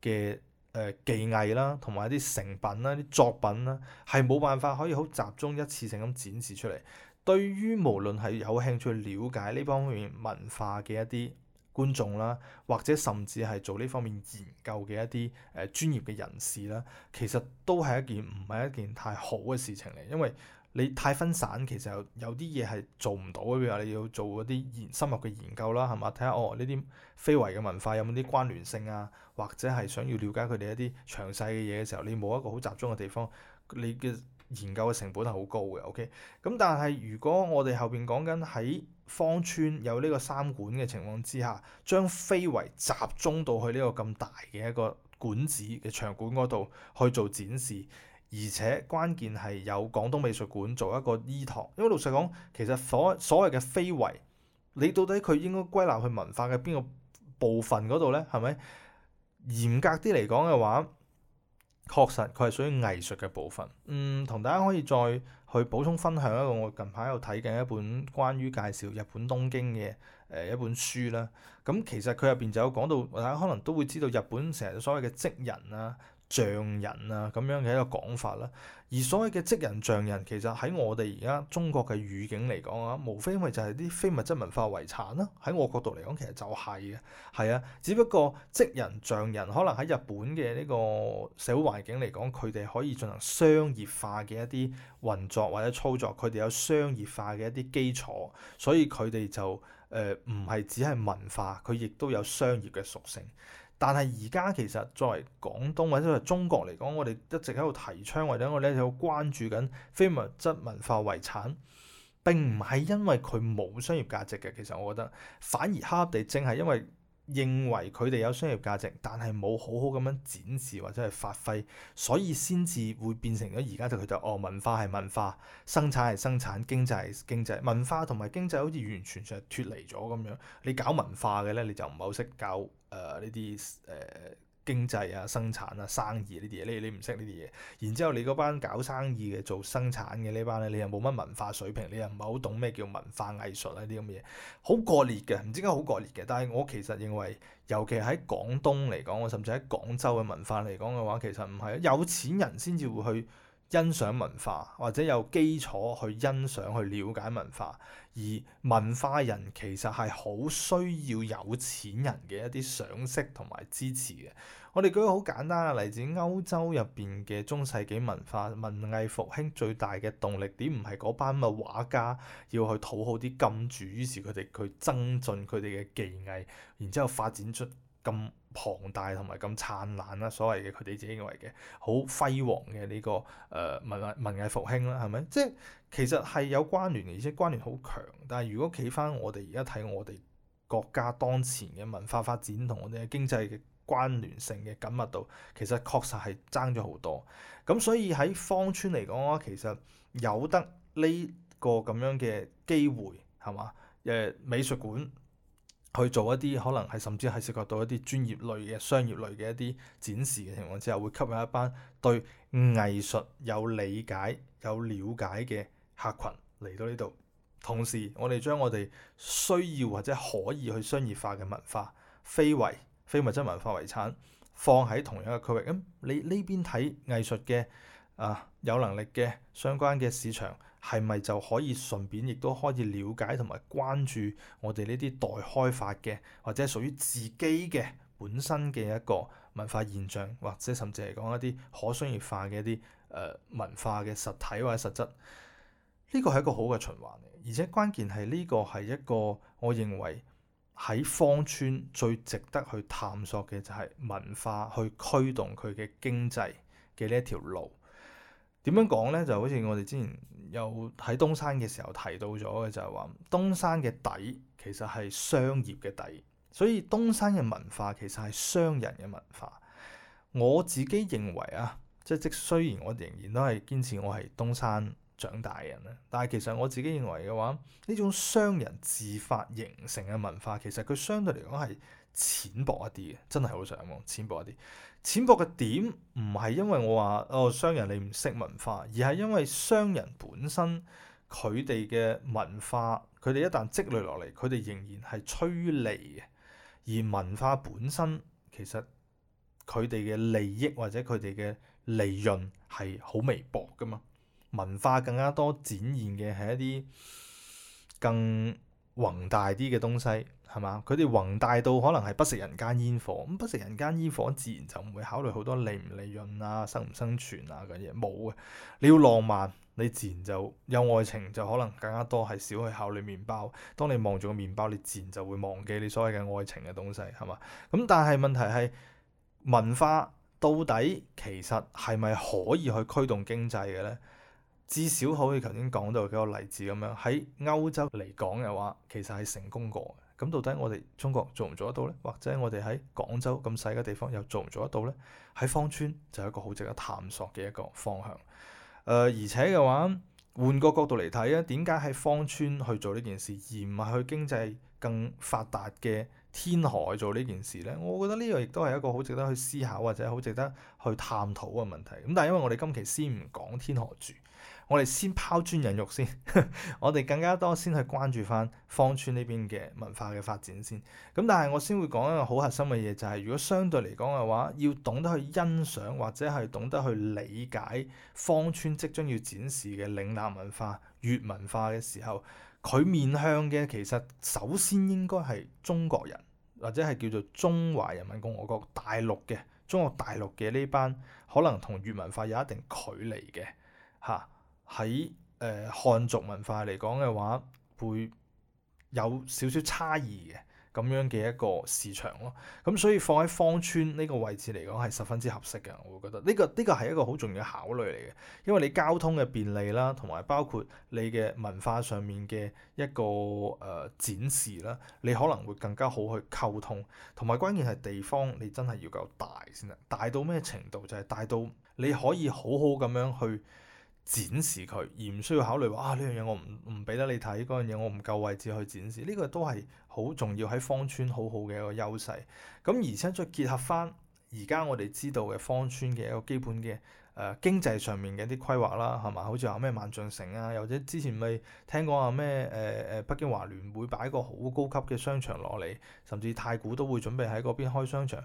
嘅誒技藝啦，同埋一啲成品啦、啲作品啦，係冇辦法可以好集中一次性噉展示出嚟。對於無論係有興趣了解呢方面文化嘅一啲觀眾啦，或者甚至係做呢方面研究嘅一啲誒專業嘅人士啦，其實都係一件唔係一件太好嘅事情嚟，因為你太分散，其實有有啲嘢係做唔到，譬如話你要做嗰啲研深入嘅研究啦，係嘛？睇下哦呢啲非遺嘅文化有冇啲關聯性啊，或者係想要了解佢哋一啲詳細嘅嘢嘅時候，你冇一個好集中嘅地方，你嘅。研究嘅成本係好高嘅，OK。咁但係如果我哋後邊講緊喺芳村有呢個三館嘅情況之下，將非遺集中到去呢個咁大嘅一個館子嘅場館嗰度去做展示，而且關鍵係有廣東美術館做一個依託。因為老實講，其實所所謂嘅非遺，你到底佢應該歸納去文化嘅邊個部分嗰度呢？係咪嚴格啲嚟講嘅話？確實佢係屬於藝術嘅部分。嗯，同大家可以再去補充分享一個我近排喺度睇緊一本關於介紹日本東京嘅誒、呃、一本書啦。咁、嗯、其實佢入邊就有講到，大家可能都會知道日本成日所謂嘅職人啦、啊。匠人啊咁樣嘅一個講法啦，而所謂嘅職人匠人，其實喺我哋而家中國嘅語境嚟講啊，無非因為就係啲非物質文化遺產啦。喺我角度嚟講，其實就係嘅，係啊。只不過職人匠人可能喺日本嘅呢個社會環境嚟講，佢哋可以進行商業化嘅一啲運作或者操作，佢哋有商業化嘅一啲基礎，所以佢哋就誒唔係只係文化，佢亦都有商業嘅屬性。但係而家其實作為廣東或者作為中國嚟講，我哋一直喺度提倡或者我哋一直喺度關注緊非物質文化遺產，並唔係因為佢冇商業價值嘅。其實我覺得，反而恰恰地正係因為。認為佢哋有商業價值，但係冇好好咁樣展示或者係發揮，所以先至會變成咗而家就佢、是、就哦文化係文化，生產係生產，經濟係經濟，文化同埋經濟好似完全上脱離咗咁樣。你搞文化嘅呢，你就唔係好識搞誒呢啲誒。呃經濟啊、生產啊、生意呢啲嘢，你你唔識呢啲嘢。然之後你嗰班搞生意嘅、做生產嘅呢班咧，你又冇乜文化水平，你又唔係好懂咩叫文化藝術啊呢啲咁嘅嘢，好割裂嘅，唔知點解好割裂嘅。但係我其實認為，尤其喺廣東嚟講，我甚至喺廣州嘅文化嚟講嘅話，其實唔係，有錢人先至會去。欣賞文化或者有基礎去欣賞，去了解文化，而文化人其實係好需要有錢人嘅一啲賞識同埋支持嘅。我哋舉個好簡單嘅例子，歐洲入邊嘅中世紀文化，文藝復興最大嘅動力，點唔係嗰班咪畫家要去討好啲金主，於是佢哋去增進佢哋嘅技藝，然之後發展出咁龐大同埋咁燦爛啦，所謂嘅佢哋自己認為嘅好輝煌嘅呢個誒文藝文藝復興啦，係咪？即係其實係有關聯而且關聯好強。但係如果企翻我哋而家睇我哋國家當前嘅文化發展同我哋嘅經濟嘅關聯性嘅緊密度，其實確實係爭咗好多。咁所以喺芳村嚟講啊，其實有得呢個咁樣嘅機會係嘛？誒美術館。去做一啲可能係甚至係涉及到一啲專業類嘅、商業類嘅一啲展示嘅情況之下，會吸引一班對藝術有理解、有了解嘅客群嚟到呢度。同時，我哋將我哋需要或者可以去商業化嘅文化、非遺、非物質文化遺產放喺同樣嘅區域。咁你呢邊睇藝術嘅啊，有能力嘅相關嘅市場。係咪就可以順便亦都可以了解同埋關注我哋呢啲待開發嘅，或者係屬於自己嘅本身嘅一個文化現象，或者甚至係講一啲可商業化嘅一啲誒、呃、文化嘅實體或者實質，呢個係一個好嘅循環嚟嘅，而且關鍵係呢個係一個我認為喺芳村最值得去探索嘅就係文化去驅動佢嘅經濟嘅呢一條路，點樣講呢？就好似我哋之前。又喺東山嘅時候提到咗嘅就係話，東山嘅底其實係商業嘅底，所以東山嘅文化其實係商人嘅文化。我自己認為啊，即係即雖然我仍然都係堅持我係東山長大嘅人咧，但係其實我自己認為嘅話，呢種商人自發形成嘅文化，其實佢相對嚟講係淺薄一啲嘅，真係好想喎，啊，淺薄一啲。淺薄嘅點唔係因為我話哦商人你唔識文化，而係因為商人本身佢哋嘅文化，佢哋一旦積累落嚟，佢哋仍然係趨利嘅。而文化本身其實佢哋嘅利益或者佢哋嘅利潤係好微薄㗎嘛。文化更加多展現嘅係一啲更宏大啲嘅東西。係嘛？佢哋宏大到可能係不食人間煙火咁、嗯，不食人間煙火，自然就唔會考慮好多利唔利潤啊、生唔生存啊嗰啲冇嘅。你要浪漫，你自然就有愛情，就可能更加多係少去考慮麵包。當你望住個麵包，你自然就會忘記你所謂嘅愛情嘅東西，係嘛？咁、嗯、但係問題係文化到底其實係咪可以去驅動經濟嘅咧？至少好似頭先講到幾個例子咁樣喺歐洲嚟講嘅話，其實係成功過。咁到底我哋中國做唔做得到呢？或者我哋喺廣州咁細嘅地方又做唔做得到呢？喺芳村就係一個好值得探索嘅一個方向。誒、呃，而且嘅話，換個角度嚟睇啊，點解喺芳村去做呢件事，而唔係去經濟更發達嘅天河做呢件事呢？我覺得呢個亦都係一個好值得去思考或者好值得去探討嘅問題。咁但係因為我哋今期先唔講天河住。我哋先拋磚引玉先， 我哋更加多先去關注翻芳村呢邊嘅文化嘅發展先。咁但係我先會講一個好核心嘅嘢，就係、是、如果相對嚟講嘅話，要懂得去欣賞或者係懂得去理解芳村即將要展示嘅嶺南文化、粵文化嘅時候，佢面向嘅其實首先應該係中國人，或者係叫做中華人民共和國大陸嘅中國大陸嘅呢班可能同粵文化有一定距離嘅嚇。哈喺誒漢族文化嚟講嘅話，會有少少差異嘅，咁樣嘅一個市場咯。咁、嗯、所以放喺芳村呢個位置嚟講係十分之合適嘅，我會覺得呢個呢個係一個好重要嘅考慮嚟嘅，因為你交通嘅便利啦，同埋包括你嘅文化上面嘅一個誒、呃、展示啦，你可能會更加好去溝通，同埋關鍵係地方你真係要夠大先啦，大到咩程度就係、是、大到你可以好好咁樣去。展示佢，而唔需要考慮話啊呢樣嘢我唔唔俾得你睇，嗰樣嘢我唔夠位置去展示。呢個都係好重要喺芳村好好嘅一個優勢。咁而且再結合翻而家我哋知道嘅芳村嘅一個基本嘅誒經濟上面嘅啲規劃啦，係嘛？好似話咩萬象城啊，又或者之前咪聽講話咩誒誒北京華聯會擺個好高級嘅商場落嚟，甚至太古都會準備喺嗰邊開商場。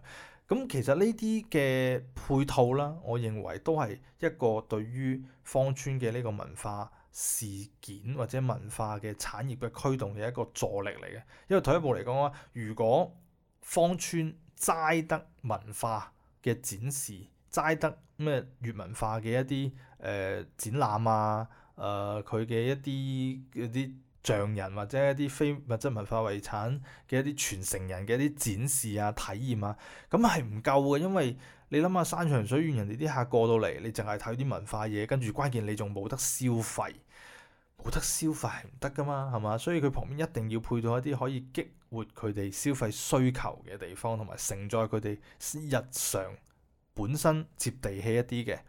咁其實呢啲嘅配套啦，我認為都係一個對於芳村嘅呢個文化事件或者文化嘅產業嘅驅動嘅一個助力嚟嘅。因為退一步嚟講啦，如果芳村齋得文化嘅展示，齋得咩粵文化嘅一啲誒、呃、展覽啊，誒佢嘅一啲嗰啲。匠人或者一啲非物質文化遺產嘅一啲傳承人嘅一啲展示啊、體驗啊，咁係唔夠嘅，因為你諗下山長水遠人哋啲客過到嚟，你淨係睇啲文化嘢，跟住關鍵你仲冇得消費，冇得消費係唔得噶嘛，係嘛？所以佢旁邊一定要配套一啲可以激活佢哋消費需求嘅地方，同埋承載佢哋日常本身接地氣一啲嘅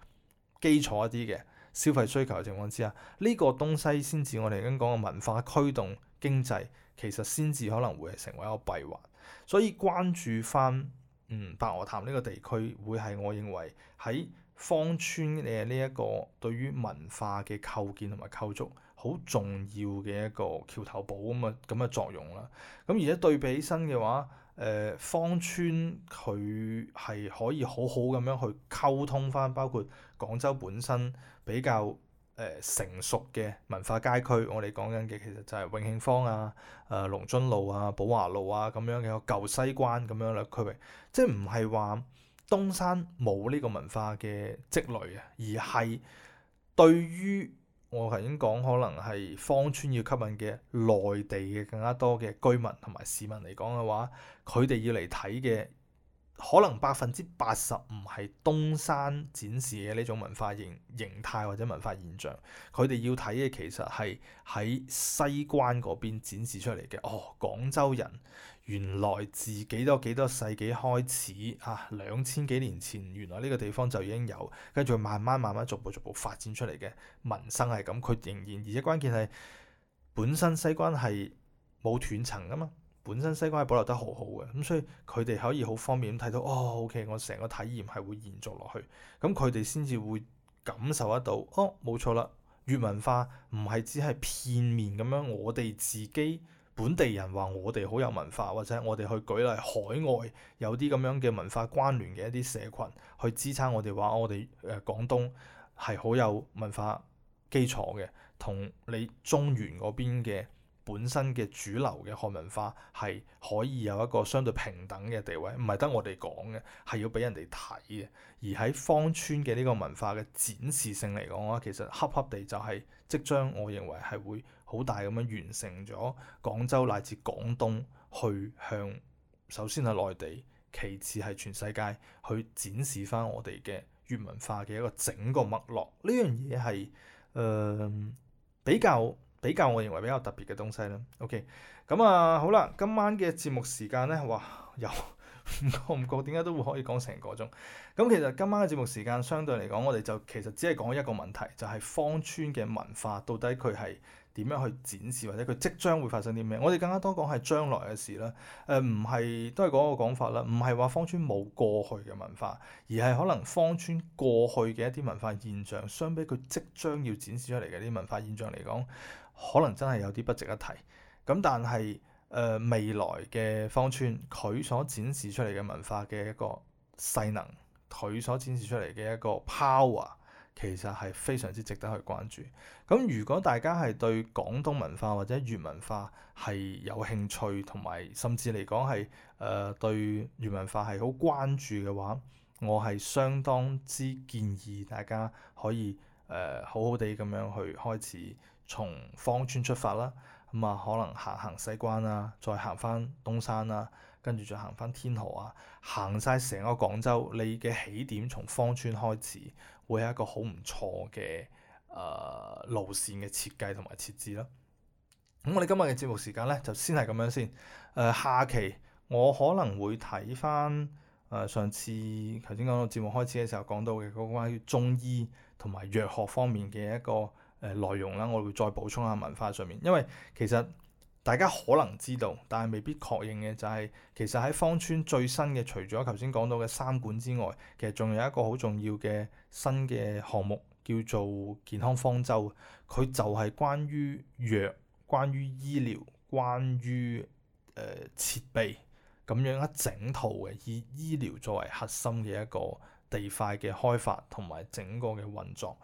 基礎一啲嘅。消費需求嘅情況之下，呢、這個東西先至我哋啱講嘅文化驅動經濟，其實先至可能會係成為一個閉環。所以關注翻，嗯，白鵝潭呢個地區會係我認為喺芳村嘅呢、這個、一個對於文化嘅構建同埋構築好重要嘅一個橋頭堡咁嘅咁嘅作用啦。咁、嗯、而且對比起身嘅話。誒芳、呃、村佢係可以好好咁樣去溝通翻，包括廣州本身比較誒、呃、成熟嘅文化街區，我哋講緊嘅其實就係永慶坊啊、誒、呃、龍津路啊、寶華路啊咁樣嘅舊西關咁樣嘅區域，即係唔係話東山冇呢個文化嘅積累啊，而係對於。我頭先講，可能係芳村要吸引嘅內地嘅更加多嘅居民同埋市民嚟講嘅話，佢哋要嚟睇嘅。可能百分之八十唔係東山展示嘅呢種文化形形態或者文化現象，佢哋要睇嘅其實係喺西關嗰邊展示出嚟嘅。哦，廣州人原來自幾多幾多世紀開始啊，兩千幾年前原來呢個地方就已經有，跟住慢慢慢慢逐步逐步發展出嚟嘅民生係咁。佢仍然，而且關鍵係本身西關係冇斷層噶嘛。本身西關係保留得好好嘅，咁所以佢哋可以好方便咁睇到，哦，OK，我成個體驗係會延續落去，咁佢哋先至會感受得到，哦，冇錯啦，粵文化唔係只係片面咁樣，我哋自己本地人話我哋好有文化，或者我哋去舉例海外有啲咁樣嘅文化關聯嘅一啲社群去支撐我哋話、哦、我哋誒、呃、廣東係好有文化基礎嘅，同你中原嗰邊嘅。本身嘅主流嘅漢文化係可以有一個相對平等嘅地位，唔係得我哋講嘅，係要俾人哋睇嘅。而喺芳村嘅呢個文化嘅展示性嚟講啊，其實恰恰地就係即將我認為係會好大咁樣完成咗廣州乃至廣東去向首先係內地，其次係全世界去展示翻我哋嘅粵文化嘅一個整個脈絡，呢樣嘢係誒比較。比較，我認為比較特別嘅東西啦。OK，咁啊，好啦，今晚嘅節目時間呢，哇，又唔 覺唔覺點解都會可以講成個鐘？咁其實今晚嘅節目時間相對嚟講，我哋就其實只係講一個問題，就係芳村嘅文化到底佢係點樣去展示，或者佢即將會發生啲咩？我哋更加多講係將來嘅事啦。誒、呃，唔係都係講個講法啦，唔係話芳村冇過去嘅文化，而係可能芳村過去嘅一啲文化現象，相比佢即將要展示出嚟嘅啲文化現象嚟講。可能真係有啲不值一提咁，但係誒、呃、未來嘅芳村，佢所展示出嚟嘅文化嘅一個勢能，佢所展示出嚟嘅一個 power，其實係非常之值得去關注。咁、嗯、如果大家係對廣東文化或者粵文化係有興趣，同埋甚至嚟講係誒對粵文化係好關注嘅話，我係相當之建議大家可以誒、呃、好好地咁樣去開始。從芳村出發啦，咁啊可能行行西關啦，再行翻東山啦，跟住再行翻天河啊，行晒成個廣州，你嘅起點從芳村開始，會係一個好唔錯嘅誒、呃、路線嘅設計同埋設置啦。咁我哋今日嘅節目時間呢，就先係咁樣先。誒、呃、下期我可能會睇翻誒上次頭先講到節目開始嘅時候講到嘅嗰、嗰個、關於中醫同埋藥學方面嘅一個。誒、呃、內容啦，我會再補充下文化上面，因為其實大家可能知道，但係未必確認嘅就係、是、其實喺芳村最新嘅，除咗頭先講到嘅三館之外，其實仲有一個好重要嘅新嘅項目叫做健康方舟，佢就係關於藥、關於醫療、關於誒、呃、設備咁樣一整套嘅，以醫療作為核心嘅一個。地塊嘅開發同埋整個嘅運作，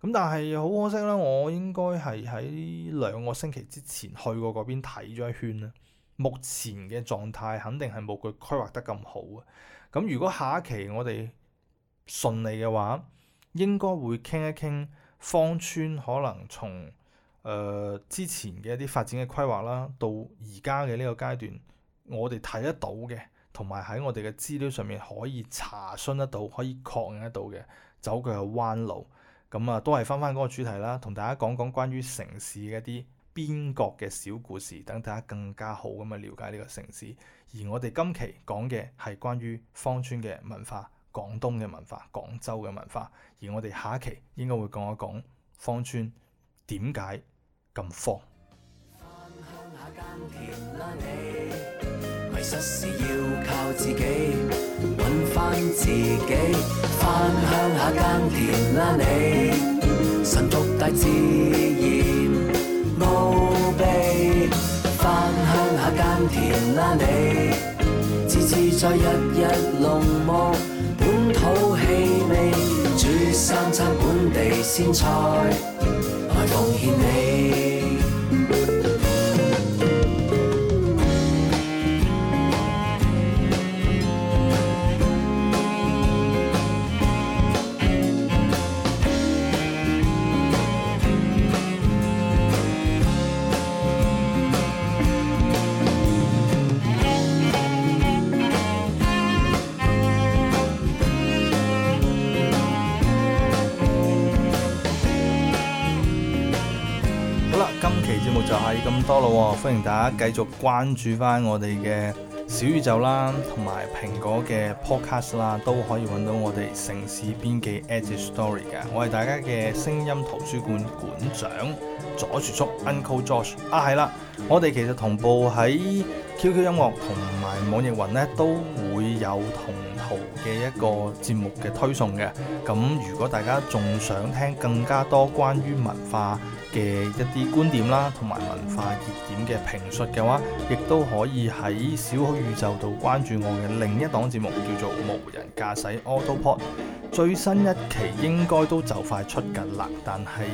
咁但係好可惜啦，我應該係喺兩個星期之前去過嗰邊睇咗一圈啦。目前嘅狀態肯定係冇佢規劃得咁好嘅。咁如果下一期我哋順利嘅話，應該會傾一傾芳村可能從誒、呃、之前嘅一啲發展嘅規劃啦，到而家嘅呢個階段，我哋睇得到嘅。同埋喺我哋嘅資料上面可以查詢得到，可以確認得到嘅走佢嘅係彎路，咁啊都係翻翻嗰個主題啦，同大家講講關於城市嘅一啲邊角嘅小故事，等大家更加好咁去了解呢個城市。而我哋今期講嘅係關於芳村嘅文化、廣東嘅文化、廣州嘅文化。而我哋下一期應該會講一講芳村點解咁荒。放實是要靠自己，揾返自己，返鄉下耕田啦你，神讀大自然奧秘，返鄉下耕田啦你，自自在日日農忙，本土氣味煮三餐本地鮮菜，我來奉獻你。多啦、哦，歡迎大家繼續關注翻我哋嘅小宇宙啦，同埋蘋果嘅 Podcast 啦，都可以揾到我哋城事邊記 Edge Story 噶。我係大家嘅聲音圖書館館長左薯叔 Uncle Josh 啊，係啦，我哋其實同步喺 QQ 音樂同埋網易雲呢，都會有同圖嘅一個節目嘅推送嘅。咁如果大家仲想聽更加多關於文化，嘅一啲觀點啦，同埋文化熱點嘅評述嘅話，亦都可以喺小宇宙度關注我嘅另一檔節目，叫做無人駕駛 AutoPod。最新一期應該都就快出緊啦，但係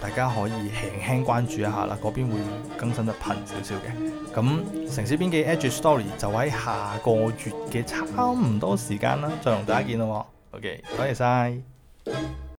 大家可以輕輕關注一下啦，嗰邊會更新得頻少少嘅。咁城事邊記 Edge Story 就喺下個月嘅差唔多時間啦，再同大家見到我。OK，多謝晒。